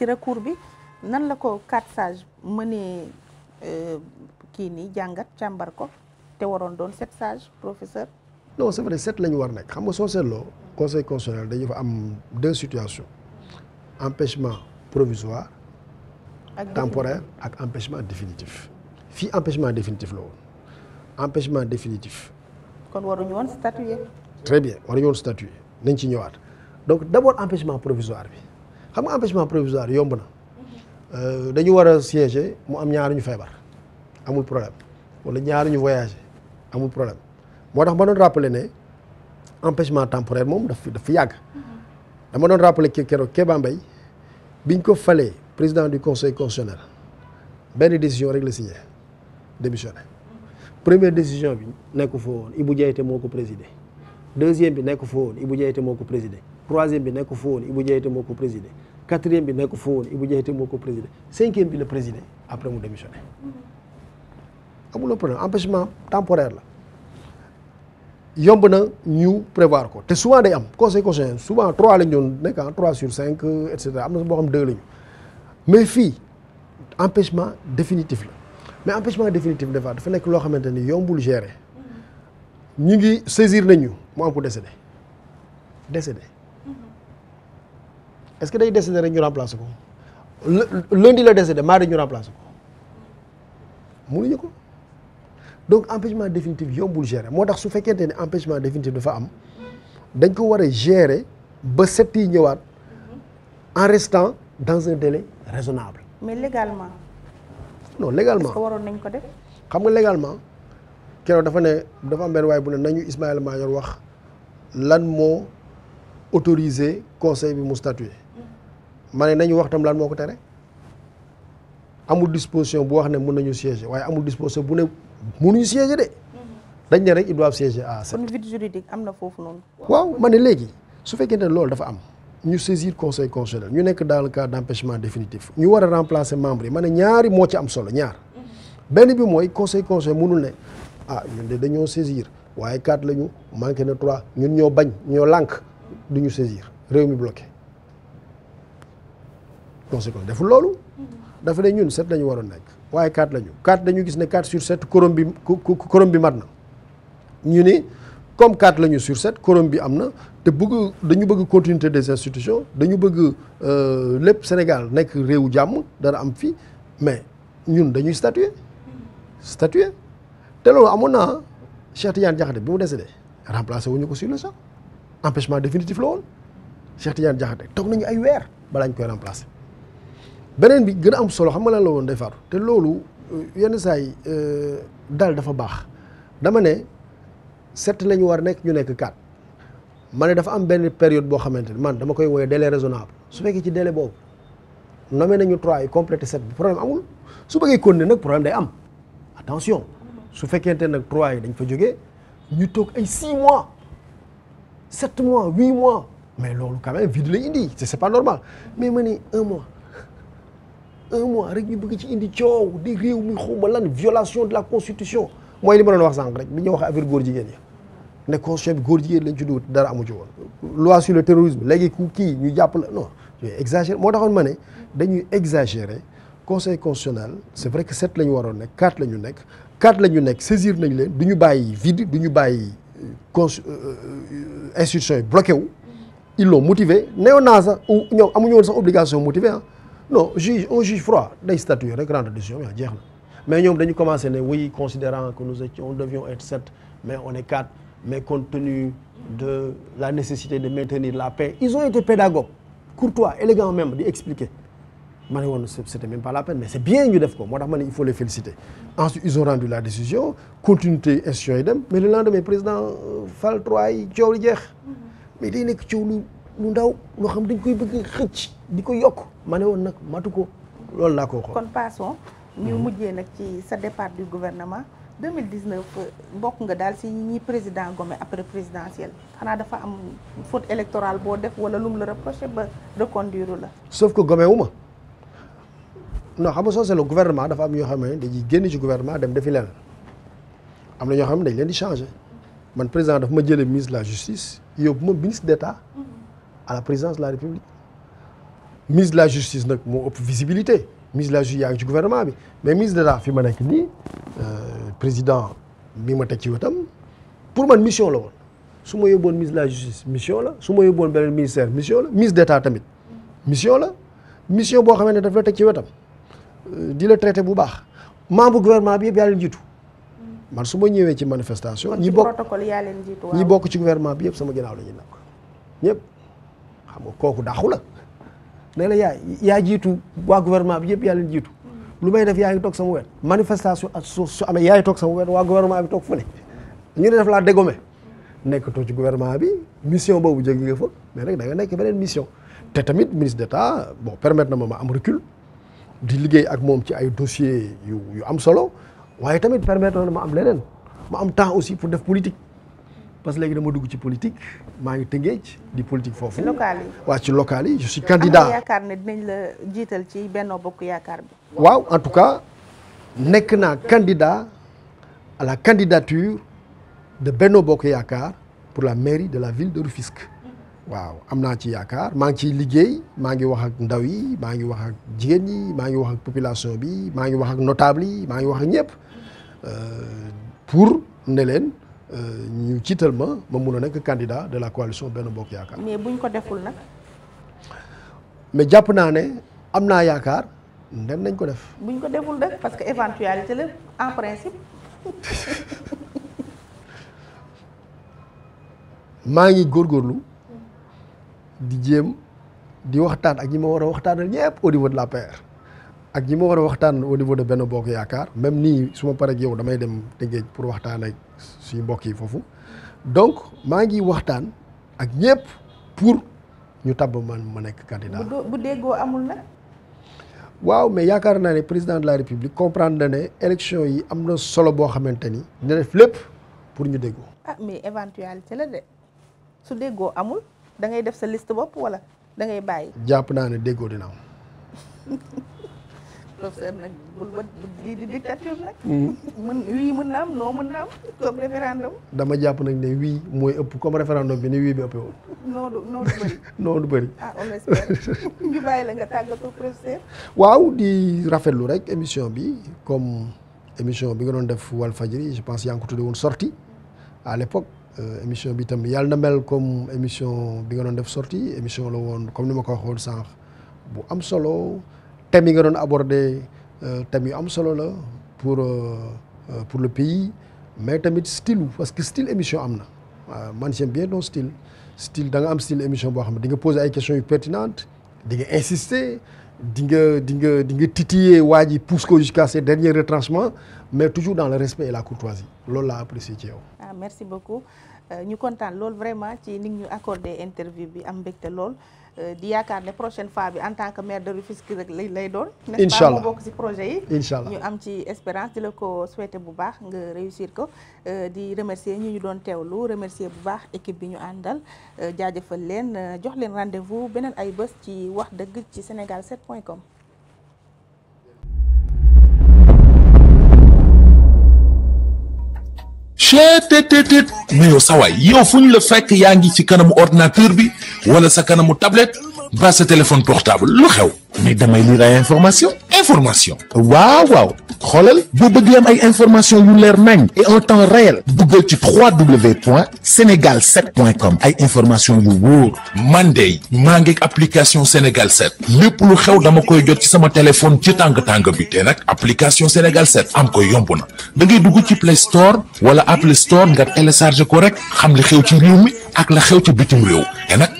ci recours bi nan la ko quatre sages mënee euh, kii nii jàngat càmbar ko te waroon doon set sages professeur. non c'est vrai sept la ñu war nekk xam nga soo seetloo conseil constitutionnel dañu fa am deux situations empêchement provisoire. ak temporaire ak empêchement définitif. fii empêchement définitif la woon empêchement définitif. kon waruñu woon statuer. très bien waruñu woon statuer nañ ci ñëwaat donc d'abord empêchement provisoire bi. xam nga empêchement provisoire yomb na euh, dañu war a siéger mu am ñaari feebar amul problème wala ñaari ñu voyager amul problème moo tax ma doon rappeler ne empêchement temporaire moom daf daf fi yàgg. dama doon rappeler keroog Kéba Mbaye biñ ko falee président du conseil constitutionnel benn décision rek la signé démissionné première décision bi nekk foo woon Ibou Diaité moo ko présidé deuxième bi nekk foo woon Ibou Diaité moo ko présidé. troisième bi nekk fa woon Ibou Diaité moo ko présidé quatrième bi nekk fa woon Ibou Diaité moo ko présidé cinquième bi la présidé après mu démissionné amuloo problème empêchement temporaire la yomb na ñu prévoir ko te souvent day am conseil constitutionnel souvent trois lañ doon nekk ah trois sur cinq et cetera am na boo xam deux lañu mais fii empêchement définitif la mais empêchement définitif dafa dafa nekk loo xamante ni yombul gérer ñu ngi saisir nañu mu am ko décédé décédé est-ce que day décider rek ñu remplacer ko lundi la décider mardi ñu remplacer ko mënuñu ko donc empêchement définitif yombul gérer moo tax su fekkente ne empêchement définitif dafa am dañ ko war a gérer ba set ñëwaat en restant dans un délai raisonnable. mais légalement. non légalement est waroon nañ ko def. xam nga légalement keroog dafa ne dafa am benn waaye bu ne nañu Ismaïla Madior wax lan moo autorisé conseil bi mu statuer mane nañu waxtam tam lan moo ko tere amul disposition bu wax ne mun nañu siéger waaye amul disposition bu ne mënuñu siéger de dañ ne rek ils doivent siéger à sept. kon vide juridique am na foofu noonu. waaw ma ne léegi su fekkee ne loolu dafa am ñu saisir conseil constitutionnel ñu nekk dans le cas d' empêchement définitif ñu war a remplacer membre yi mane ñaari moo ci am solo ñaar benn bi mooy conseil constitutionnel mënul ne ah ñun de dañoo saisir waaye quatre lañu ñu manqué na trois ñun ñoo bañ ñoo lànk du ñu saisir réew mi conséquence deful loolu. dafa ne ñun set la ñu waroon nekk waaye quatre la ñu quatre dañu gis ne quatre sur sept quorum bi quorum bi mat na ñu ni comme quatre la ñu sur sept quorum bi am na te bëgg dañu bëgg continuité des institutions dañu bëgg euh, lépp Sénégal nekk réewu jàmm dara am fii mais ñun dañuy statuer statuer te loolu amoon naa Cheikh Tidiane Diakhaté bi mu décédé remplacé wuñu ko sur le champ empêchement définitif la woon Cheikh Tidiane Diakhaté toog nañu ay weer balaa ñu koy remplacer. beneen bi gën a am solo xam nga lan la woon day faatu te loolu euh, yenn saa yi euh, dal dafa baax dama ne set la ñu war nekk ñu nekk quatre ma ne dafa am benn période boo xamante ne man dama koy woowee délai raisonnable su fekkee ci délai boobu nommé nañu trois yi complété sept bi problème amul su bëggee ne nag problème day am attention su fekkente nag trois yi dañ fa jógee ñu toog ay six mois sept mois huit mois mais loolu quand même vide la indi c'est pas normal mais ma ni mois. un mois rek ñu bëgg ci indi coow di réew mi xawma lan violation de la constitution mooy li ma doon wax sànq rek bi ñu wax affaire góor jigéen yi ne constitution bi góor jigéen lañ ci duut dara amu ci woon. loi sur le terrorisme léegi ku kii ñu jàpp la non ñooy exagéré moo taxoon ma ne dañuy exagéré conseil constitutionnel c' est vrai que sept la ñu waroon nekk quatre la ñu nekk quatre la ñu nekk saisir nañ leen du ñu bàyyi vide du ñu bàyyi euh, con euh, euh, institution yi wu. ils l' ont motivé néew naa sax ñoom amuñu obligation motivée non juge on juge froid day statuer rek rendre décision yaa jeex na mais ñoom dañu commencé ne oui considérant que nous étions on devions être sept mais on est quatre mais compte de la nécessité de maintenir la paix ils ont été pédagogues courtois élégants même di expliquer ma ne woon c'était même pas la peine mais c'est bien ñu def ko moo tax ma ne il faut les féliciter ensuite ils ont rendu la décision continuité institution yi dem mais le lendemain président euh, Fall 3 yi coow li jeex mm-hmm. mais day nekk coow lu lu ndaw loo xam dañ koy bëgg xëcc di ko yokk ma ne woon nag matu ko loolu laa ko xool. kon ñu mhm. mujjee nag ci sa départ du gouvernement 2019 euh, bokk nga daal si ñi président gomme après présidentielle xanaa dafa am faute électorale boo def wala lu mu la reproché ba reconduire la. sauf que gomme wu ma non xam nga soo gouvernement dafa am yoo xam ne dañuy génn ci gouvernement dem defi leneen am na ñoo xam ne dañ leen di changé man président dafa ma jëlee ministre de la justice yóbbu ma ministre d' état mhm. la présidence mise de la justice nag moo ëpp visibilité mise de la justice yaa ngi ci gouvernement bi mais mise de la fi ma nekk nii euh, président mi ma teg ci wetam pour man mission su ma yóbboon mise de la la su ma yóbboon beneen ministère mission la mise d'état tamit mission la mission boo xam ne daf la teg ci wetam euh, di la traité bu baax membre gouvernement bi yëpp yaa leen jiitu man su ma ñëwee ci manifestation. ñi bokk protocole yaa leen ñi bokk ci gouvernement bi yëpp sama ginnaaw la ñuy nekk ñëpp xam nga kooku dàqu la. ne la yaay yaa jiitu waa gouvernement bi yëpp yaa mm. lu may def yaa ngi toog sama wet manifestation ak su su amee yaa ngi toog sama wet waa gouvernement bi toog fu def laa dégommé nekkatoo ci gouvernement bi mission boobu jóge nga fa mais nag da nekk beneen mission te tamit ministre d'État bon permettre na ma ma am recul di liggéey ak moom ci ay dossiers yu yu am solo waaye tamit permettre na ma am leneen ma am temps aussi pour def politique parce que léegi dama dugg ci politique maa ngi tëngeej di politique foofu. local yi waaw ci local yi je suis candidat. yaakaar ne dinañ la jiital ci Benno Bokk Yaakaar waaw en tout cas nekk naa candidat à la candidature de Benno Bokk Yaakaar pour la mairie de la ville de Rufisque. waaw am naa ci yaakaar maa ngi ciy liggéey maa ngi wax ak ndaw yi maa ngi wax ak jigéen ñi maa ngi wax ak population bi maa ngi wax ak notable yi maa ngi wax ak ñëpp euh, pour ne Euh, ñu jiital ma ma mun a nekk candidat de la coalition Benno Bokk Yaakaar. mais buñ ko deful nag. mais jàpp naa ne am naa yaakaar ndem nañ ko def. buñ ko deful nag parce que éventualité la en principe. maa ngi góor góorlu di jéem di waxtaan ak ñi ma war a waxtaanal ñëpp au niveau de la PR. ak yi ma war a waxtaan au niveau de benn bokk yaakaar même nii su ma paree ak yow damay dem te Tëngéej pour waxtaan ak suñu mbokk yi foofu donc maa ngi waxtaan ak ñëpp pour ñu tabb man ma nekk candidat. bu déggoo amul nag. waaw mais yaakaar naa ne président de la république comprendre na ne élection yi am na solo boo xamante ni dina def lépp pour ñu déggoo. ah mais éventualité la de su déggoo amul da ngay def sa liste bopp wala da ngay bàyyi. jàpp naa ne déggoo dina professeur nag hmm. mën wii mën na noo mën na comme référendum. dama jàpp nag ne wii mooy ëpp comme référendum bi ni wii bi ëppee woon. noo bëri. noo bëri. Ah, waaw di rafetlu rek émission bi comme émission bi nga doon def Walfadjri je pense yaa ngi ko tuddee woon sortie à l'époque euh, émission bi itam yàlla na mel comme émission bi nga doon def sorti émission la woon comme ni ma ko waxoon sànq bu am solo. thèmes yi nga doon abordé euh, thèmes yu am solo la pour euh, euh, pour le pays mais tamit style parce que style émission am na waaw man j'aime bien ton style style da nga am style émission boo xam ne dinga nga poser ay questions yu pertinentes di nga insister di nga di nga di nga titiller waa ji pousse ko jusqu'à ses mais toujours dans le respect et la courtoisie loolu laa apprécié ci yow. ah ñu kontaan loolu vraiment ci nit ñu accordé interview bi am mbégte lool. Euh, di yaakaar ne prochaine fois bi en tant que maire de Rufisque rek lay lay doon. incha allah moo bokk ci projet yi. ñu am ci espérance di la ko souhaiter bu baax nga réussir ko. Euh, di remercier ñu ñu doon teewlu remercier bu baax équipe bi ñu àndal euh, jaajëfal leen jox leen rendez-vous beneen ay bés ci wax dëgg ci sénégal7.com. point cheetetetet mais yow sa waay yow fu ñu la fekk yaa ngi ci kanamu ordinateur bi wala sa kanamu tablette ba sa téléphone portable lu xew mais damay lire ay information information waaw waaw xoolal boo bëgg am ay information yu leer nañ et en temps réel duggal ci 3w point sénégal 7 point com ay information yu wóor man maa ngi application sénégal set lépp lu xew dama koy jot ci sama téléphone ci tàng tàng bi te nag application sénégal 7 am ko yomb na da ngay dugg ci play store wala apple store nga télécharge ko rek xam li xew ci réew mi ak la xew ci bitim réew te nag